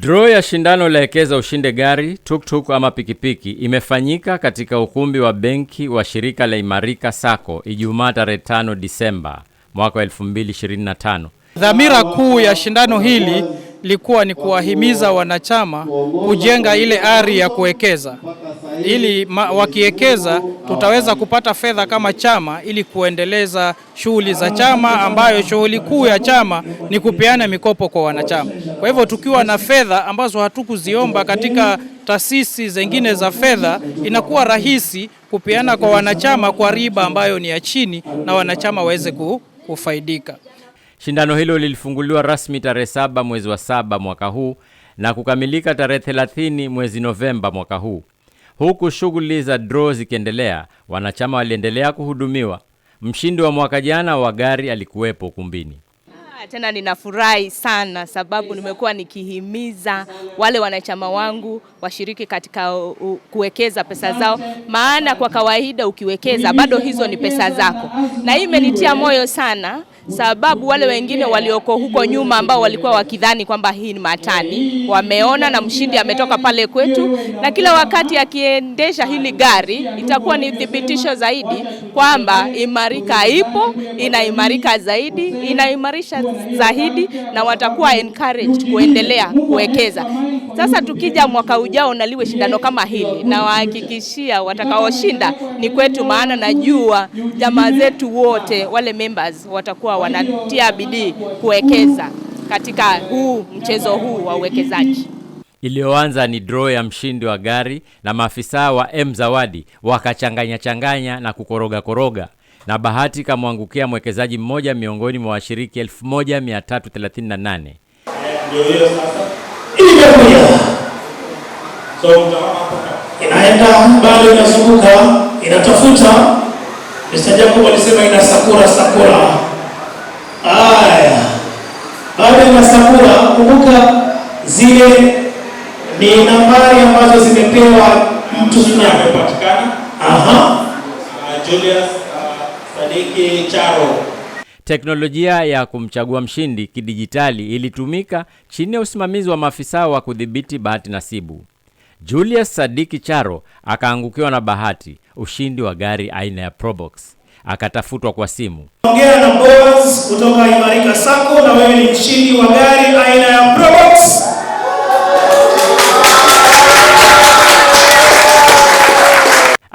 Draw ya shindano la Ekeza Ushinde Gari, tuktuk ama pikipiki imefanyika katika ukumbi wa benki wa shirika la Imarika Sacco Ijumaa tarehe 5 Disemba mwaka 2025. Dhamira kuu ya shindano hili likuwa ni kuwahimiza wanachama kujenga ile ari ya kuwekeza, ili wakiwekeza tutaweza kupata fedha kama chama, ili kuendeleza shughuli za chama, ambayo shughuli kuu ya chama ni kupeana mikopo kwa wanachama. Kwa hivyo tukiwa na fedha ambazo hatukuziomba katika taasisi zingine za fedha, inakuwa rahisi kupeana kwa wanachama kwa riba ambayo ni ya chini, na wanachama waweze kufaidika. Shindano hilo lilifunguliwa rasmi tarehe saba mwezi wa saba mwaka huu na kukamilika tarehe 30 mwezi Novemba mwaka huu. Huku shughuli za draw zikiendelea, wanachama waliendelea kuhudumiwa. Mshindi wa mwaka jana wa gari alikuwepo ukumbini tena ninafurahi sana sababu nimekuwa nikihimiza wale wanachama wangu washiriki katika kuwekeza pesa zao, maana kwa kawaida ukiwekeza bado hizo ni pesa zako, na hii imenitia moyo sana sababu wale wengine walioko huko nyuma ambao walikuwa wakidhani kwamba hii ni matani, wameona na mshindi ametoka pale kwetu, na kila wakati akiendesha hili gari itakuwa ni thibitisho zaidi kwamba imarika ipo, inaimarika zaidi, inaimarisha zaidi na watakuwa encouraged kuendelea kuwekeza. Sasa tukija mwaka ujao na liwe shindano kama hili, na wahakikishia watakaoshinda ni kwetu, maana najua jamaa zetu wote wale members watakuwa wanatia bidii kuwekeza katika huu mchezo huu wa uwekezaji. Iliyoanza ni draw ya mshindi wa gari na maafisa wa M Zawadi wakachanganya changanya na kukoroga koroga na bahati ikamwangukia mwekezaji mmoja miongoni mwa washiriki 1338 inaenda bado inazunguka inatafuta. Mr. Jacob alisema ina sakura sakura. Aya, bado ina sakura. Kumbuka zile ni nambari ambazo zimepewa mtu fulani amepatikana. Aha, ah, Julius Niki Charo. Teknolojia ya kumchagua mshindi kidijitali ilitumika chini ya usimamizi wa maafisa wa kudhibiti bahati nasibu. Julius Sadiki Charo akaangukiwa na bahati ushindi wa gari aina ya Probox, akatafutwa kwa simu. Ongea na Boaz kutoka Imarika Sacco, na wewe ni mshindi wa gari aina ya Probox.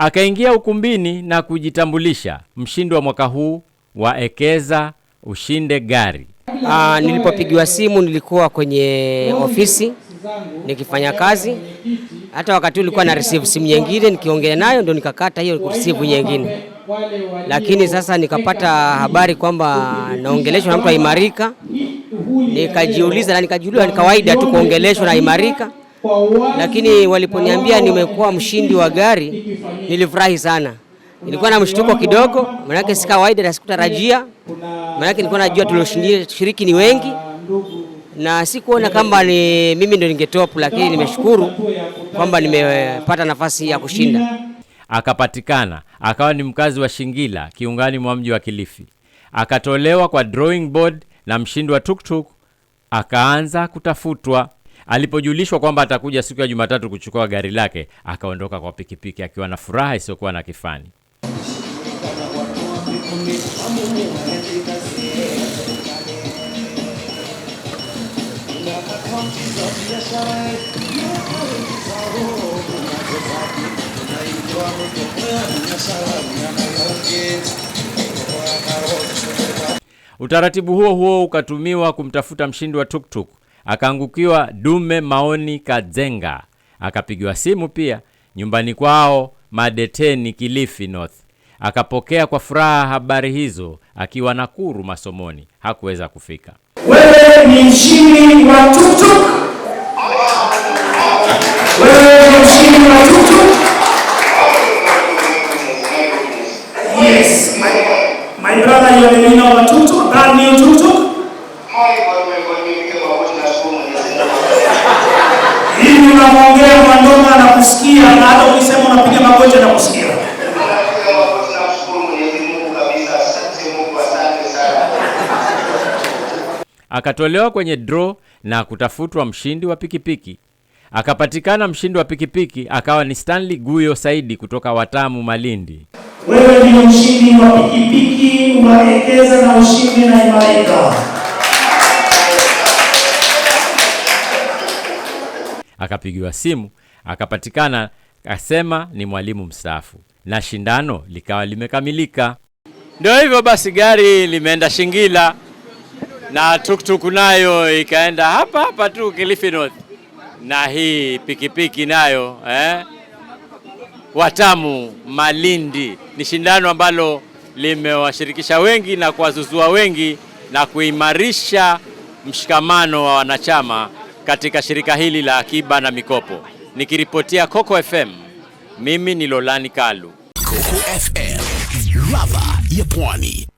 Akaingia ukumbini na kujitambulisha, mshindi wa mwaka huu wa Ekeza Ushinde Gari. Aa, ah, nilipopigiwa simu nilikuwa kwenye ofisi nikifanya kazi, hata wakati ulikuwa na receive simu nyingine nikiongea nayo ndo nikakata hiyo receive nyingine, lakini sasa nikapata habari kwamba naongeleshwa na mtu aimarika, nikajiuliza na nikajiuliza, ni kawaida tu kuongeleshwa na Imarika lakini waliponiambia nimekuwa mshindi wa gari nilifurahi sana. Nilikuwa na mshtuko kidogo, maanake si kawaida na sikutarajia, manake nilikuwa najua tulioshiriki ni wengi na sikuona kama ni mimi ndo ningetop, lakini nimeshukuru kwamba nimepata nafasi ya kushinda. Akapatikana akawa ni mkazi wa Shingila, kiungani mwa mji wa Kilifi, akatolewa kwa drawing board na mshindi wa tuktuk, akaanza kutafutwa. Alipojulishwa kwamba atakuja siku ya Jumatatu kuchukua gari lake, akaondoka kwa pikipiki akiwa na furaha isiyokuwa na kifani. Utaratibu huo huo ukatumiwa kumtafuta mshindi wa tuktuk akaangukiwa Dume Maoni Kadzenga, akapigiwa simu pia nyumbani kwao Madeteni, Kilifi North. Akapokea kwa furaha habari hizo akiwa na kuru masomoni, hakuweza kufika. Wewe ni mshindi wa tuktuk, wewe ni mshindi wa tuktuk. Yes my brother, you wa the winner tuktuk, brand new tuktuk. unamwongea Mwandoma anakusikia, na hata ukisema unapiga magoti anakusikia. Akatolewa kwenye draw na kutafutwa mshindi wa pikipiki. Akapatikana mshindi wa pikipiki akawa ni Stanley Guyo Saidi kutoka Watamu Malindi. Wewe ndio mshindi wa pikipiki, umarekeza na ushindi na imarika. akapigiwa simu akapatikana, asema ni mwalimu mstaafu, na shindano likawa limekamilika. Ndio hivyo basi, gari limeenda Shingila na tuktuk nayo ikaenda hapa hapa tu Kilifi North, na hii pikipiki nayo eh, Watamu Malindi. Ni shindano ambalo limewashirikisha wengi na kuwazuzua wengi na kuimarisha mshikamano wa wanachama katika shirika hili la akiba na mikopo. Nikiripotia Coco FM, mimi ni Lolani Kalu. Coco FM, ladha ya Pwani.